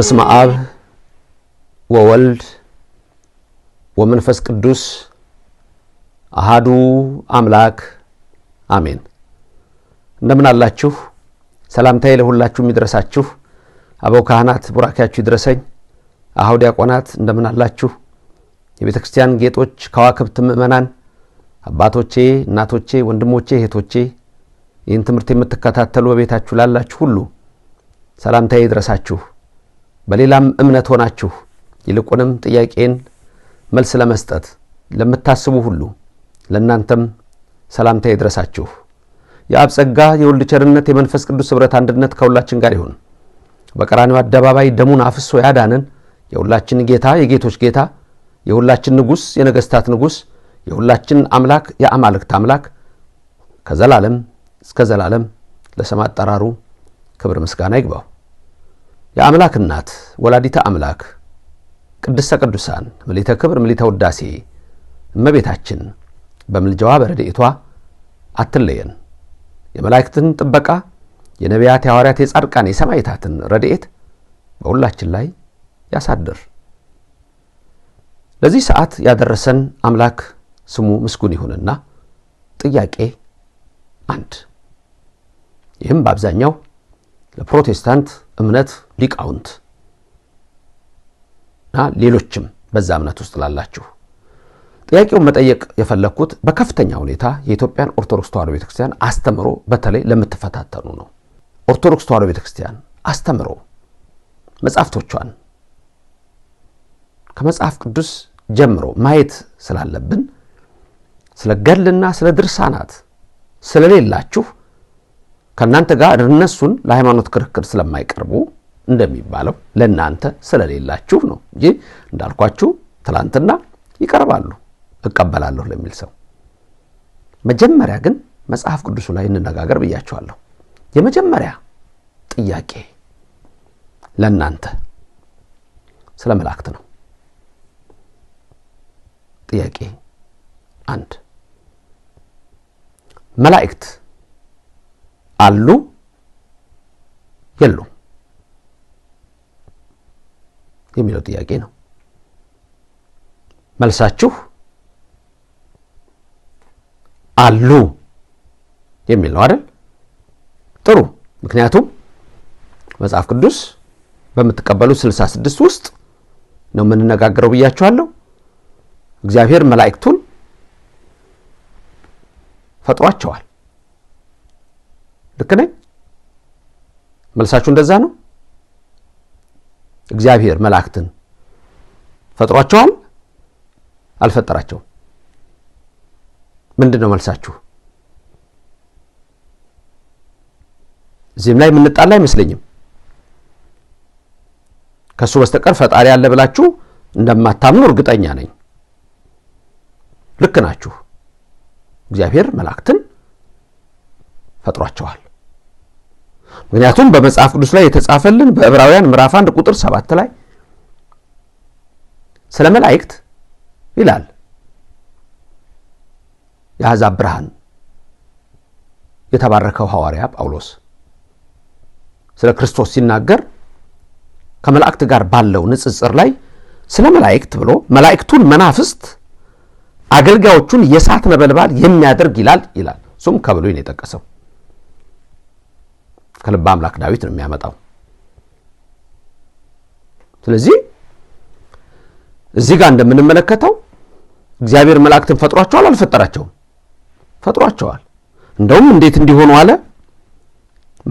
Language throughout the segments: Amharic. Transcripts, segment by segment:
በስመ አብ ወወልድ ወመንፈስ ቅዱስ አሃዱ አምላክ አሜን። እንደምን አላችሁ? ሰላምታዬ ለሁላችሁ ይድረሳችሁ። አበው ካህናት ቡራኪያችሁ ይድረሰኝ። አኀው ዲያቆናት እንደምን አላችሁ? የቤተ ክርስቲያን ጌጦች ከዋክብት ምእመናን፣ አባቶቼ፣ እናቶቼ፣ ወንድሞቼ፣ እህቶቼ ይህን ትምህርት የምትከታተሉ በቤታችሁ ላላችሁ ሁሉ ሰላምታዬ ይድረሳችሁ። በሌላም እምነት ሆናችሁ ይልቁንም ጥያቄን መልስ ለመስጠት ለምታስቡ ሁሉ ለእናንተም ሰላምታ ይድረሳችሁ። የአብ ጸጋ የወልድ ቸርነት የመንፈስ ቅዱስ ኅብረት አንድነት ከሁላችን ጋር ይሁን። በቀራኒው አደባባይ ደሙን አፍሶ ያዳነን የሁላችን ጌታ የጌቶች ጌታ የሁላችን ንጉሥ የነገሥታት ንጉሥ የሁላችን አምላክ የአማልክት አምላክ ከዘላለም እስከ ዘላለም ለስም አጠራሩ ክብር ምስጋና ይግባው። የአምላክ እናት ወላዲተ አምላክ ቅድስተ ቅዱሳን ምሊተ ክብር ምሊተ ውዳሴ እመቤታችን በምልጃዋ በረድኤቷ አትለየን። የመላእክትን ጥበቃ የነቢያት፣ የሐዋርያት፣ የጻድቃን፣ የሰማይታትን ረድኤት በሁላችን ላይ ያሳድር። ለዚህ ሰዓት ያደረሰን አምላክ ስሙ ምስጉን ይሁንና ጥያቄ አንድ ይህም በአብዛኛው ለፕሮቴስታንት እምነት ሊቃውንት እና ሌሎችም በዛ እምነት ውስጥ ላላችሁ ጥያቄውን መጠየቅ የፈለግኩት በከፍተኛ ሁኔታ የኢትዮጵያን ኦርቶዶክስ ተዋሕዶ ቤተክርስቲያን አስተምሮ በተለይ ለምትፈታተኑ ነው። ኦርቶዶክስ ተዋሕዶ ቤተክርስቲያን አስተምሮ መጻሕፍቶቿን ከመጽሐፍ ቅዱስ ጀምሮ ማየት ስላለብን ስለ ገድልና ስለ ድርሳናት ስለሌላችሁ ከእናንተ ጋር እነሱን ለሃይማኖት ክርክር ስለማይቀርቡ እንደሚባለው ለእናንተ ስለሌላችሁ ነው እንጂ እንዳልኳችሁ ትላንትና ይቀርባሉ እቀበላለሁ ለሚል ሰው። መጀመሪያ ግን መጽሐፍ ቅዱሱ ላይ እንነጋገር ብያችኋለሁ። የመጀመሪያ ጥያቄ ለእናንተ ስለ መላእክት ነው። ጥያቄ አንድ መላእክት አሉ የሉ የሚለው ጥያቄ ነው። መልሳችሁ አሉ የሚል ነው አይደል? ጥሩ። ምክንያቱም መጽሐፍ ቅዱስ በምትቀበሉት ስልሳ ስድስት ውስጥ ነው የምንነጋገረው ብያችኋለሁ። እግዚአብሔር መላእክቱን ፈጥሯቸዋል። ልክ ነኝ? መልሳችሁ እንደዛ ነው። እግዚአብሔር መላእክትን ፈጥሯቸዋል? አልፈጠራቸውም? ምንድን ነው መልሳችሁ? እዚህም ላይ የምንጣላ አይመስለኝም። ከእሱ በስተቀር ፈጣሪ አለ ብላችሁ እንደማታምኑ እርግጠኛ ነኝ። ልክ ናችሁ። እግዚአብሔር መላእክትን ፈጥሯቸዋል። ምክንያቱም በመጽሐፍ ቅዱስ ላይ የተጻፈልን በዕብራውያን ምዕራፍ አንድ ቁጥር ሰባት ላይ ስለ መላእክት ይላል የአሕዛብ ብርሃን የተባረከው ሐዋርያ ጳውሎስ ስለ ክርስቶስ ሲናገር ከመላእክት ጋር ባለው ንጽጽር ላይ ስለ መላእክት ብሎ መላእክቱን መናፍስት አገልጋዮቹን የእሳት ነበልባል የሚያደርግ ይላል ይላል። እሱም ከብሉይ ነው የጠቀሰው። ከልበ አምላክ ዳዊት ነው የሚያመጣው። ስለዚህ እዚህ ጋር እንደምንመለከተው እግዚአብሔር መላእክትን ፈጥሯቸዋል? አልፈጠራቸውም? ፈጥሯቸዋል። እንደውም እንዴት እንዲሆኑ አለ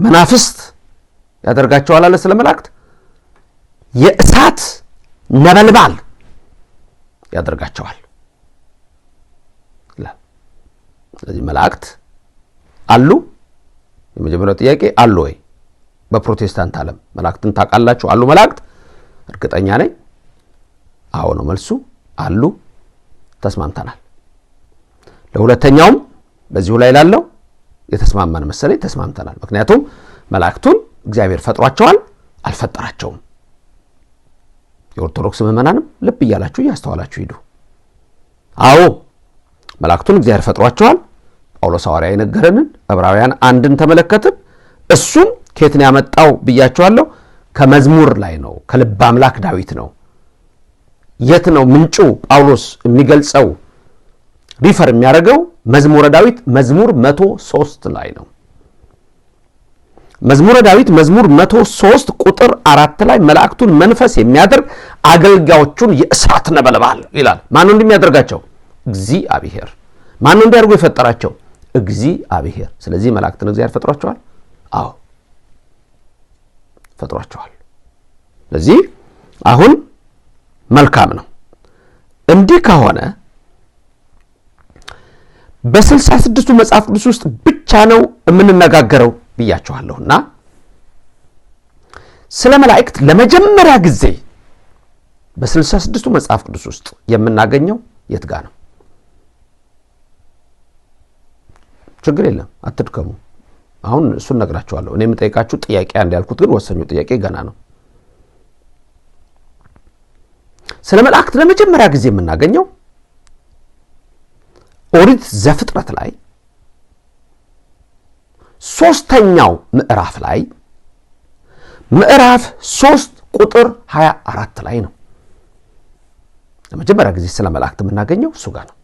መናፍስት ያደርጋቸዋል አለ ስለ መላእክት የእሳት ነበልባል ያደርጋቸዋል። ስለዚህ መላእክት አሉ። የመጀመሪያው ጥያቄ አሉ ወይ? በፕሮቴስታንት ዓለም መላእክትን ታውቃላችሁ? አሉ መላእክት? እርግጠኛ ነኝ አዎ ነው መልሱ። አሉ፣ ተስማምተናል። ለሁለተኛውም በዚሁ ላይ ላለው የተስማማን መሰለኝ፣ ተስማምተናል። ምክንያቱም መላእክቱን እግዚአብሔር ፈጥሯቸዋል አልፈጠራቸውም። የኦርቶዶክስ ምዕመናንም ልብ እያላችሁ እያስተዋላችሁ ሂዱ። አዎ መላእክቱን እግዚአብሔር ፈጥሯቸዋል ጳውሎስ ሐዋርያ የነገረንን ዕብራውያን አንድን ተመለከትም። እሱም ከየት ነው ያመጣው ብያቸዋለሁ። ከመዝሙር ላይ ነው፣ ከልበ አምላክ ዳዊት ነው። የት ነው ምንጩ? ጳውሎስ የሚገልጸው ሪፈር የሚያደርገው መዝሙረ ዳዊት መዝሙር መቶ ሶስት ላይ ነው። መዝሙረ ዳዊት መዝሙር መቶ ሶስት ቁጥር አራት ላይ መላእክቱን መንፈስ የሚያደርግ አገልጋዮቹን የእሳት ነበልባል ይላል። ማን ነው እንደሚያደርጋቸው? እግዚአብሔር። ማን ነው እንዲያደርጉ የፈጠራቸው? እግዚአብሔር። ስለዚህ መላእክትን እግዚአብሔር ፈጥሯቸዋል። አዎ ፈጥሯቸዋል። ስለዚህ አሁን መልካም ነው። እንዲህ ከሆነ በስልሳ ስድስቱ መጽሐፍ ቅዱስ ውስጥ ብቻ ነው የምንነጋገረው ብያችኋለሁና ስለ መላእክት ለመጀመሪያ ጊዜ በስልሳ ስድስቱ መጽሐፍ ቅዱስ ውስጥ የምናገኘው የት ጋ ነው? ችግር የለም አትድከሙ። አሁን እሱን እነግራችኋለሁ። እኔ የምጠይቃችሁ ጥያቄ አንድ ያልኩት ግን ወሰኙ ጥያቄ ገና ነው። ስለ መላእክት ለመጀመሪያ ጊዜ የምናገኘው ኦሪት ዘፍጥረት ላይ ሶስተኛው ምዕራፍ ላይ ምዕራፍ ሶስት ቁጥር 24 ላይ ነው። ለመጀመሪያ ጊዜ ስለ መላእክት የምናገኘው እሱ ጋር ነው።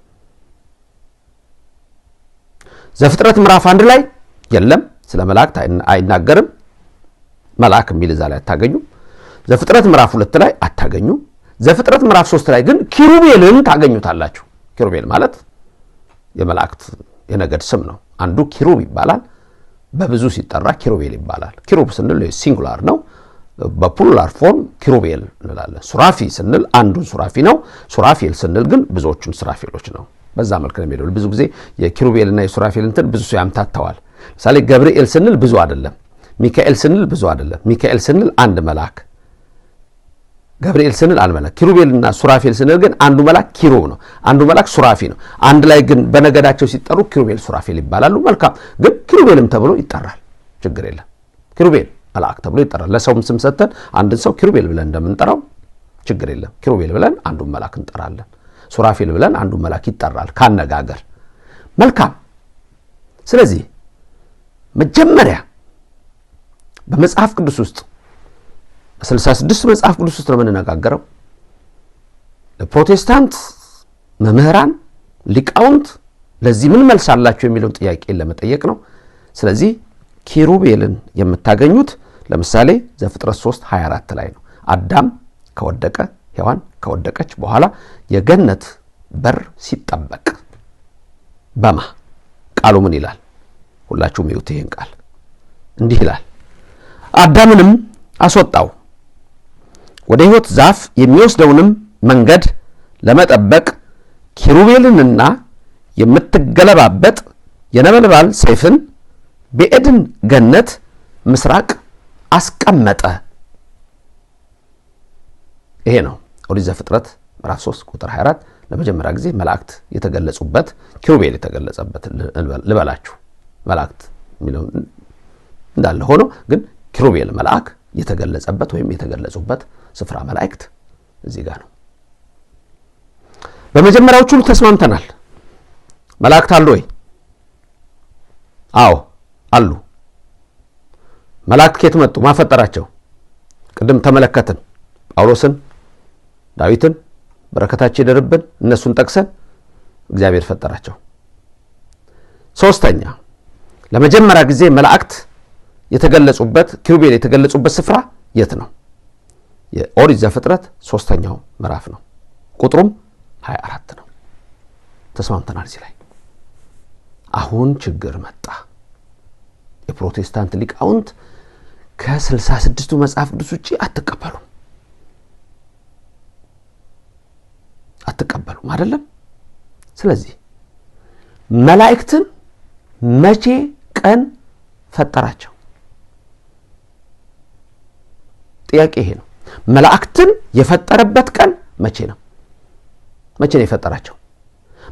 ዘፍጥረት ምዕራፍ አንድ ላይ የለም፣ ስለ መላእክት አይናገርም። መልአክ የሚል እዛ ላይ አታገኙም። ዘፍጥረት ምዕራፍ ሁለት ላይ አታገኙም። ዘፍጥረት ምዕራፍ ሶስት ላይ ግን ኪሩቤልን ታገኙታላችሁ። ኪሩቤል ማለት የመላእክት የነገድ ስም ነው። አንዱ ኪሩብ ይባላል፣ በብዙ ሲጠራ ኪሩቤል ይባላል። ኪሩብ ስንል ሲንጉላር ነው። በፑሉላር ፎርም ኪሩቤል እንላለን። ሱራፊ ስንል አንዱን ሱራፊ ነው። ሱራፌል ስንል ግን ብዙዎቹን ሱራፌሎች ነው። በዛ መልክ ነው የሚሄደው። ብዙ ጊዜ የኪሩቤልና የሱራፌል እንትን ብዙ ሰው ያምታተዋል። ምሳሌ ገብርኤል ስንል ብዙ አይደለም፣ ሚካኤል ስንል ብዙ አይደለም። ሚካኤል ስንል አንድ መልአክ፣ ገብርኤል ስንል አንድ መልአክ። ኪሩቤልና ሱራፌል ስንል ግን አንዱ መልአክ ኪሩብ ነው፣ አንዱ መልአክ ሱራፊ ነው። አንድ ላይ ግን በነገዳቸው ሲጠሩ ኪሩቤል፣ ሱራፌል ይባላሉ። መልካም ግን ኪሩቤልም ተብሎ ይጠራል። ችግር የለም። ኪሩቤል መልአክ ተብሎ ይጠራል። ለሰውም ስም ሰጥተን አንድን ሰው ኪሩቤል ብለን እንደምንጠራው ችግር የለም። ኪሩቤል ብለን አንዱን መልአክ እንጠራለን። ሱራፊል ብለን አንዱ መልአክ ይጠራል ካነጋገር። መልካም። ስለዚህ መጀመሪያ በመጽሐፍ ቅዱስ ውስጥ በ66 መጽሐፍ ቅዱስ ውስጥ ነው የምንነጋገረው። ለፕሮቴስታንት መምህራን ሊቃውንት ለዚህ ምን መልስ አላቸው የሚለውን ጥያቄን ለመጠየቅ ነው። ስለዚህ ኪሩቤልን የምታገኙት ለምሳሌ ዘፍጥረት 3 24 ላይ ነው። አዳም ከወደቀ ሔዋን ከወደቀች በኋላ የገነት በር ሲጠበቅ በማ ቃሉ ምን ይላል? ሁላችሁም ይዩት ይህን ቃል እንዲህ ይላል፣ አዳምንም አስወጣው ወደ ሕይወት ዛፍ የሚወስደውንም መንገድ ለመጠበቅ ኪሩቤልንና የምትገለባበጥ የነበልባል ሰይፍን በኤድን ገነት ምስራቅ አስቀመጠ። ይሄ ነው። ኦሪት ዘፍጥረት ምዕራፍ 3 ቁጥር 24 ለመጀመሪያ ጊዜ መላእክት የተገለጹበት ኪሩቤል የተገለጸበት ልበላችሁ መላእክት የሚለው እንዳለ ሆኖ ግን ኪሩቤል መልአክ የተገለጸበት ወይም የተገለጹበት ስፍራ መላእክት እዚህ ጋር ነው። በመጀመሪያዎቹ ተስማምተናል። መላእክት አሉ ወይ? አዎ አሉ። መላእክት ከየት መጡ? ማፈጠራቸው ቅድም ተመለከትን ጳውሎስን ዳዊትን በረከታቸው ይደርብን። እነሱን ጠቅሰን እግዚአብሔር ፈጠራቸው። ሶስተኛ ለመጀመሪያ ጊዜ መላእክት የተገለጹበት ኪሩቤል የተገለጹበት ስፍራ የት ነው? የኦሪት ዘፍጥረት ሶስተኛው ምዕራፍ ነው። ቁጥሩም 24 ነው። ተስማምተናል እዚህ ላይ። አሁን ችግር መጣ። የፕሮቴስታንት ሊቃውንት ከ66ቱ መጽሐፍ ቅዱስ ውጪ አትቀበሉም አትቀበሉም አይደለም። ስለዚህ መላእክትን መቼ ቀን ፈጠራቸው? ጥያቄ ይሄ ነው። መላእክትን የፈጠረበት ቀን መቼ ነው? መቼ ነው የፈጠራቸው?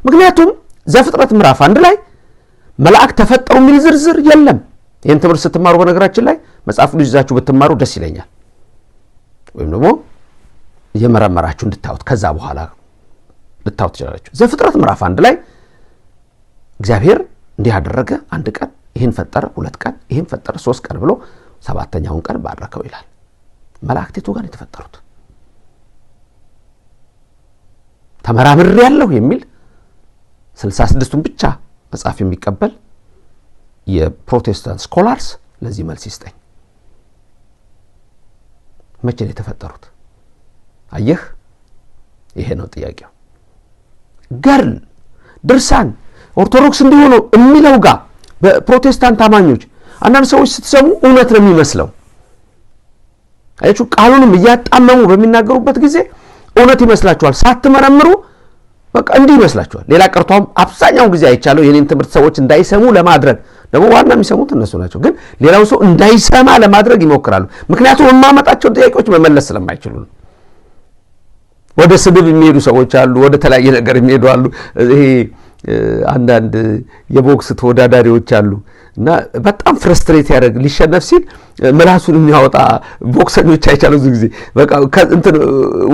ምክንያቱም ዘፍጥረት ምዕራፍ አንድ ላይ መላእክት ተፈጠሩ የሚል ዝርዝር የለም። ይህን ትምህርት ስትማሩ በነገራችን ላይ መጽሐፍ ቅዱስ ይዛችሁ ብትማሩ ደስ ይለኛል፣ ወይም ደግሞ እየመረመራችሁ እንድታዩት ከዛ በኋላ ልታው ትችላላችሁ። ዘፍጥረት ምዕራፍ አንድ ላይ እግዚአብሔር እንዲህ አደረገ፣ አንድ ቀን ይህን ፈጠረ፣ ሁለት ቀን ይህን ፈጠረ፣ ሶስት ቀን ብሎ ሰባተኛውን ቀን ባረከው ይላል። መላእክቴቱ ጋር የተፈጠሩት ተመራምር ያለሁ የሚል ስልሳ ስድስቱን ብቻ መጽሐፍ የሚቀበል የፕሮቴስታንት ስኮላርስ ለዚህ መልስ ይስጠኝ። መቼ ነው የተፈጠሩት? አየህ፣ ይሄ ነው ጥያቄው። ገርል ድርሳን ኦርቶዶክስ እንደሆነ የሚለው ጋር በፕሮቴስታንት አማኞች አንዳንድ ሰዎች ስትሰሙ እውነት ነው የሚመስለው። አያችሁ፣ ቃሉንም እያጣመሙ በሚናገሩበት ጊዜ እውነት ይመስላችኋል። ሳትመረምሩ በቃ እንዲህ ይመስላችኋል። ሌላ ቀርቷም አብዛኛውን ጊዜ አይቻለሁ። የኔን ትምህርት ሰዎች እንዳይሰሙ ለማድረግ ደግሞ ዋና የሚሰሙት እነሱ ናቸው፣ ግን ሌላው ሰው እንዳይሰማ ለማድረግ ይሞክራሉ። ምክንያቱም የማመጣቸውን ጥያቄዎች መመለስ ስለማይችሉ ነው። ወደ ስድብ የሚሄዱ ሰዎች አሉ። ወደ ተለያየ ነገር የሚሄዱ አሉ። ይሄ አንዳንድ የቦክስ ተወዳዳሪዎች አሉ እና በጣም ፍረስትሬት ያደረግ ሊሸነፍ ሲል ምላሱን የሚያወጣ ቦክሰኞች አይቻሉ ብዙ ጊዜ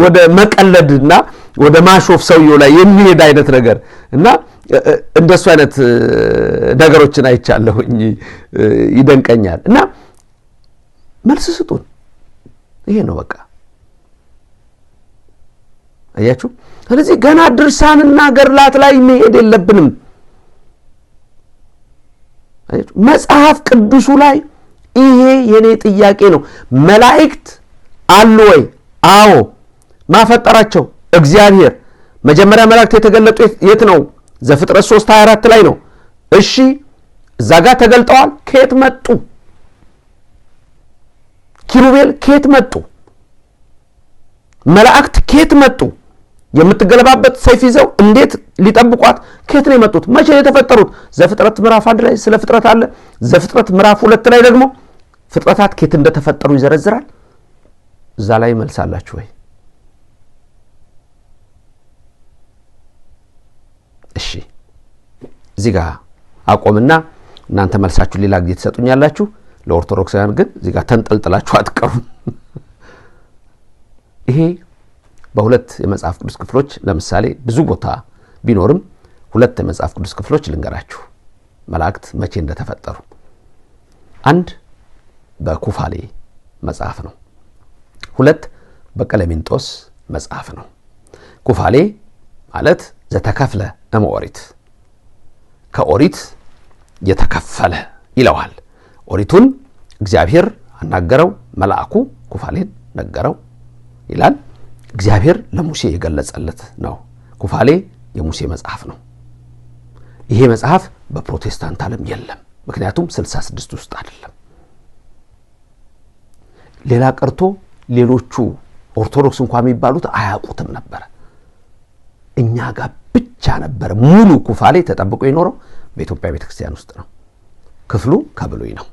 ወደ መቀለድ እና ወደ ማሾፍ ሰውየው ላይ የሚሄድ አይነት ነገር እና እንደሱ አይነት ነገሮችን አይቻለሁኝ። ይደንቀኛል እና መልስ ስጡን። ይሄ ነው በቃ አያችሁ። ስለዚህ ገና ድርሳንና ገድላት ላይ መሄድ የለብንም። መጽሐፍ ቅዱሱ ላይ ይሄ የኔ ጥያቄ ነው። መላእክት አሉ ወይ? አዎ። ማፈጠራቸው እግዚአብሔር። መጀመሪያ መላእክት የተገለጡ የት ነው? ዘፍጥረት 3 24 ላይ ነው። እሺ፣ እዛ ጋር ተገልጠዋል። ከየት መጡ? ኪሩቤል ከየት መጡ? መላእክት ከየት መጡ? የምትገለባበት ሰይፍ ይዘው እንዴት ሊጠብቋት ከየት ነው የመጡት? መቼ የተፈጠሩት? ዘፍጥረት ምዕራፍ አንድ ላይ ስለ ፍጥረት አለ። ዘፍጥረት ምዕራፍ ሁለት ላይ ደግሞ ፍጥረታት ከየት እንደተፈጠሩ ይዘረዝራል። እዛ ላይ መልሳላችሁ ወይ? እሺ እዚህ ጋር አቆምና እናንተ መልሳችሁ ሌላ ጊዜ ትሰጡኛላችሁ። ለኦርቶዶክሳውያን ግን እዚህ ጋር ተንጠልጥላችሁ አትቀሩም። ይሄ በሁለት የመጽሐፍ ቅዱስ ክፍሎች ለምሳሌ ብዙ ቦታ ቢኖርም ሁለት የመጽሐፍ ቅዱስ ክፍሎች ልንገራችሁ መላእክት መቼ እንደተፈጠሩ። አንድ በኩፋሌ መጽሐፍ ነው። ሁለት በቀለሚንጦስ መጽሐፍ ነው። ኩፋሌ ማለት ዘተከፍለ እመኦሪት ከኦሪት የተከፈለ ይለዋል። ኦሪቱን እግዚአብሔር አናገረው፣ መልአኩ ኩፋሌን ነገረው ይላል። እግዚአብሔር ለሙሴ የገለጸለት ነው። ኩፋሌ የሙሴ መጽሐፍ ነው። ይሄ መጽሐፍ በፕሮቴስታንት ዓለም የለም። ምክንያቱም 66 ውስጥ አይደለም። ሌላ ቀርቶ ሌሎቹ ኦርቶዶክስ እንኳ የሚባሉት አያውቁትም ነበረ። እኛ ጋር ብቻ ነበረ ሙሉ ኩፋሌ ተጠብቆ የኖረው በኢትዮጵያ ቤተ ክርስቲያን ውስጥ ነው። ክፍሉ ከብሉይ ነው።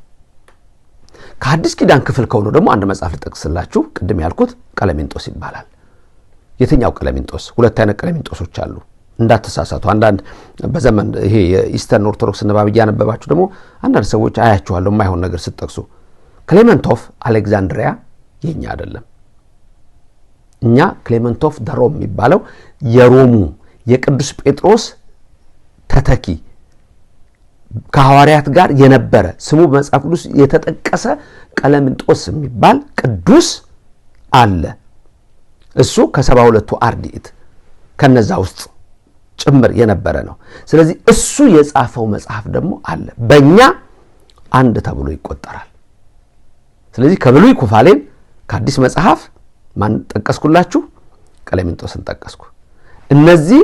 ከአዲስ ኪዳን ክፍል ከሆነ ደግሞ አንድ መጽሐፍ ልጠቅስላችሁ። ቅድም ያልኩት ቀለሜንጦስ ይባላል። የትኛው ቀለሚንጦስ? ሁለት አይነት ቀለሚንጦሶች አሉ እንዳትሳሳቱ። አንዳንድ በዘመን ይሄ የኢስተርን ኦርቶዶክስ ንባብ እያነበባችሁ ደግሞ አንዳንድ ሰዎች አያችኋለሁ የማይሆን ነገር ስትጠቅሱ። ክሌመንት ኦፍ አሌክዛንድሪያ የኛ አይደለም። እኛ ክሌመንት ኦፍ ሮም የሚባለው የሮሙ የቅዱስ ጴጥሮስ ተተኪ ከሐዋርያት ጋር የነበረ ስሙ በመጽሐፍ ቅዱስ የተጠቀሰ ቀለምንጦስ የሚባል ቅዱስ አለ። እሱ ከሰባ ሁለቱ አርድእት ከነዛ ውስጥ ጭምር የነበረ ነው። ስለዚህ እሱ የጻፈው መጽሐፍ ደግሞ አለ በእኛ አንድ ተብሎ ይቆጠራል። ስለዚህ ከብሉይ ኩፋሌን ከአዲስ መጽሐፍ ማን ጠቀስኩላችሁ? ቀሌምንጦስን ጠቀስኩ። እነዚህ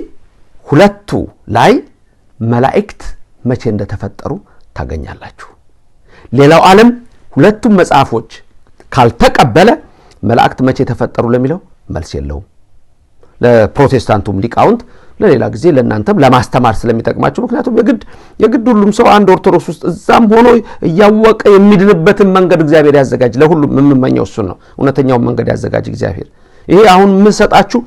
ሁለቱ ላይ መላእክት መቼ እንደተፈጠሩ ታገኛላችሁ። ሌላው ዓለም ሁለቱም መጽሐፎች ካልተቀበለ መላእክት መቼ ተፈጠሩ ለሚለው መልስ የለውም። ለፕሮቴስታንቱም ሊቃውንት ለሌላ ጊዜ ለእናንተም ለማስተማር ስለሚጠቅማቸው ምክንያቱም የግድ የግድ ሁሉም ሰው አንድ ኦርቶዶክስ ውስጥ እዛም ሆኖ እያወቀ የሚድንበትን መንገድ እግዚአብሔር ያዘጋጅ። ለሁሉም የምመኘው እሱን ነው። እውነተኛውን መንገድ ያዘጋጅ እግዚአብሔር። ይሄ አሁን የምንሰጣችሁ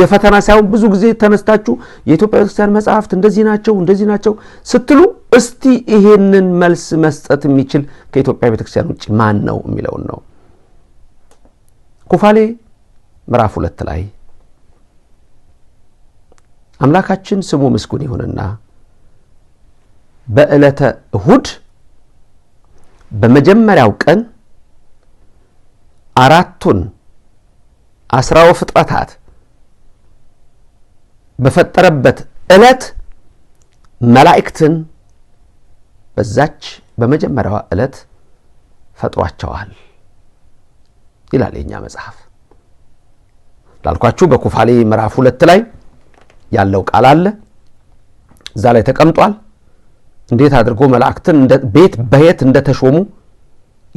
የፈተና ሳይሆን ብዙ ጊዜ ተነስታችሁ የኢትዮጵያ ክርስቲያን መጽሐፍት እንደዚህ ናቸው እንደዚህ ናቸው ስትሉ እስቲ ይሄንን መልስ መስጠት የሚችል ከኢትዮጵያ ቤተክርስቲያን ውጭ ማን ነው የሚለውን ነው ኩፋሌ ምዕራፍ ሁለት ላይ አምላካችን ስሙ ምስጉን ይሁንና በዕለተ እሁድ በመጀመሪያው ቀን አራቱን አስራው ፍጥረታት በፈጠረበት ዕለት መላእክትን በዛች በመጀመሪያዋ ዕለት ፈጥሯቸዋል ይላል የእኛ መጽሐፍ። ላልኳችሁ በኩፋሌ ምዕራፍ ሁለት ላይ ያለው ቃል አለ። እዛ ላይ ተቀምጧል። እንዴት አድርጎ መላእክትን ቤት በየት እንደተሾሙ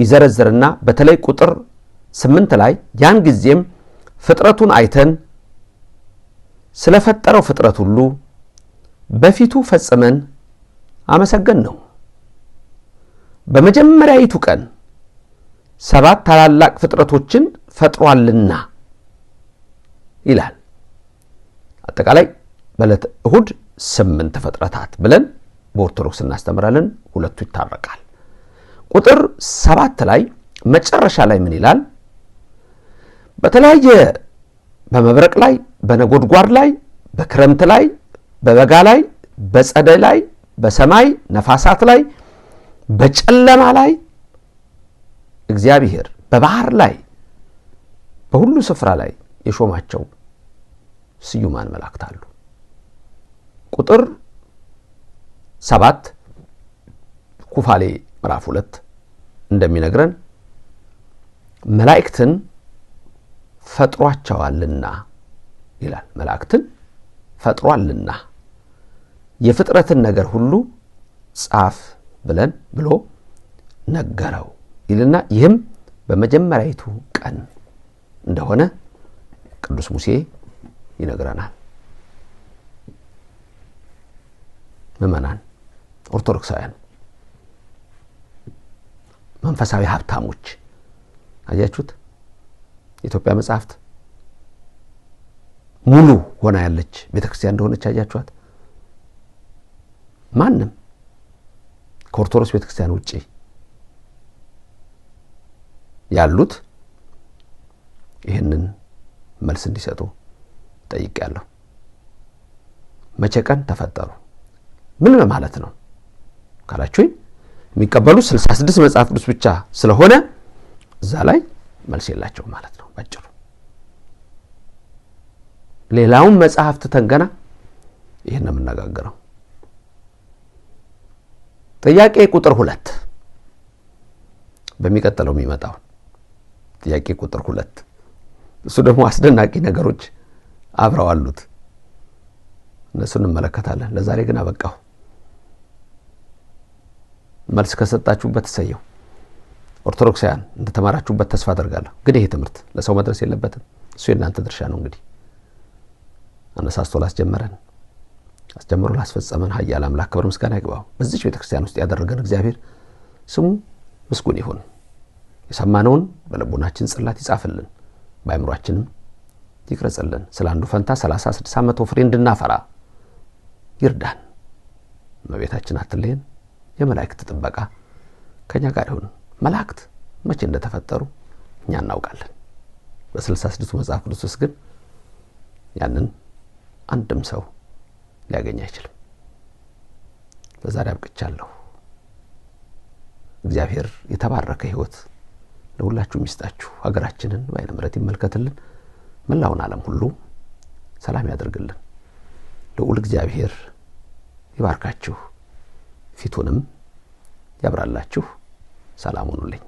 ይዘረዝርና በተለይ ቁጥር ስምንት ላይ ያን ጊዜም ፍጥረቱን አይተን ስለፈጠረው ፍጥረት ሁሉ በፊቱ ፈጽመን አመሰገን ነው። በመጀመሪያይቱ ቀን ሰባት ታላላቅ ፍጥረቶችን ፈጥሯልና ይላል። አጠቃላይ በዕለተ እሁድ ስምንት ፍጥረታት ብለን በኦርቶዶክስ እናስተምራለን። ሁለቱ ይታረቃል። ቁጥር ሰባት ላይ መጨረሻ ላይ ምን ይላል? በተለያየ በመብረቅ ላይ፣ በነጎድጓድ ላይ፣ በክረምት ላይ፣ በበጋ ላይ፣ በጸደይ ላይ፣ በሰማይ ነፋሳት ላይ፣ በጨለማ ላይ እግዚአብሔር በባህር ላይ በሁሉ ስፍራ ላይ የሾማቸው ስዩማን መላእክት አሉ። ቁጥር ሰባት ኩፋሌ ምዕራፍ ሁለት እንደሚነግረን መላእክትን ፈጥሯቸዋልና ይላል። መላእክትን ፈጥሯልና የፍጥረትን ነገር ሁሉ ጻፍ ብለን ብሎ ነገረው ይልና ይህም በመጀመሪያይቱ ቀን እንደሆነ ቅዱስ ሙሴ ይነግረናል። ምእመናን ኦርቶዶክሳውያን፣ መንፈሳዊ ሀብታሞች አያችሁት። የኢትዮጵያ መጽሐፍት ሙሉ ሆና ያለች ቤተ ክርስቲያን እንደሆነች አያችኋት። ማንም ከኦርቶዶክስ ቤተ ክርስቲያን ውጭ ያሉት ይህንን መልስ እንዲሰጡ ጠይቄያለሁ። መቼ ቀን ተፈጠሩ ምን ማለት ነው ካላችሁኝ የሚቀበሉ 66 መጽሐፍ ቅዱስ ብቻ ስለሆነ እዛ ላይ መልስ የላቸው ማለት ነው ባጭሩ። ሌላውን መጽሐፍ ትተን ገና ይህን የምነጋገረው ጥያቄ ቁጥር ሁለት በሚቀጥለው የሚመጣው ጥያቄ ቁጥር ሁለት እሱ ደግሞ አስደናቂ ነገሮች አብረው አሉት። እነሱን እንመለከታለን። ለዛሬ ግን አበቃሁ። መልስ ከሰጣችሁበት እሰየው። ኦርቶዶክሳውያን እንደተማራችሁበት ተስፋ አደርጋለሁ። ግን ይሄ ትምህርት ለሰው መድረስ የለበትም። እሱ የእናንተ ድርሻ ነው። እንግዲህ አነሳስቶ ላስጀመረን አስጀምሮ ላስፈጸመን ኃያል አምላክ ክብር ምስጋና ይግባው። በዚች ቤተክርስቲያን ውስጥ ያደረገን እግዚአብሔር ስሙ ምስጉን ይሁን። የሰማነውን በልቦናችን ጽላት ይጻፍልን፣ በአይምሯችንም ይቅረጽልን። ስለ አንዱ ፈንታ 30፣ 60፣ መቶ ፍሬ እንድናፈራ ይርዳን። እመቤታችን አትለየን። የመላእክት ጥበቃ ከእኛ ጋር ይሁን። መላእክት መቼ እንደተፈጠሩ እኛ እናውቃለን። በስልሳ ስድስቱ መጽሐፍ ቅዱስ ውስጥ ግን ያንን አንድም ሰው ሊያገኝ አይችልም። ለዛሬ አብቅቻለሁ። እግዚአብሔር የተባረከ ሕይወት ለሁላችሁ ሚስጣችሁ ሀገራችንን በዓይነ ምሕረት ይመልከትልን። መላውን ዓለም ሁሉ ሰላም ያደርግልን። ልዑል እግዚአብሔር ይባርካችሁ፣ ፊቱንም ያብራላችሁ። ሰላም ሁኑልኝ።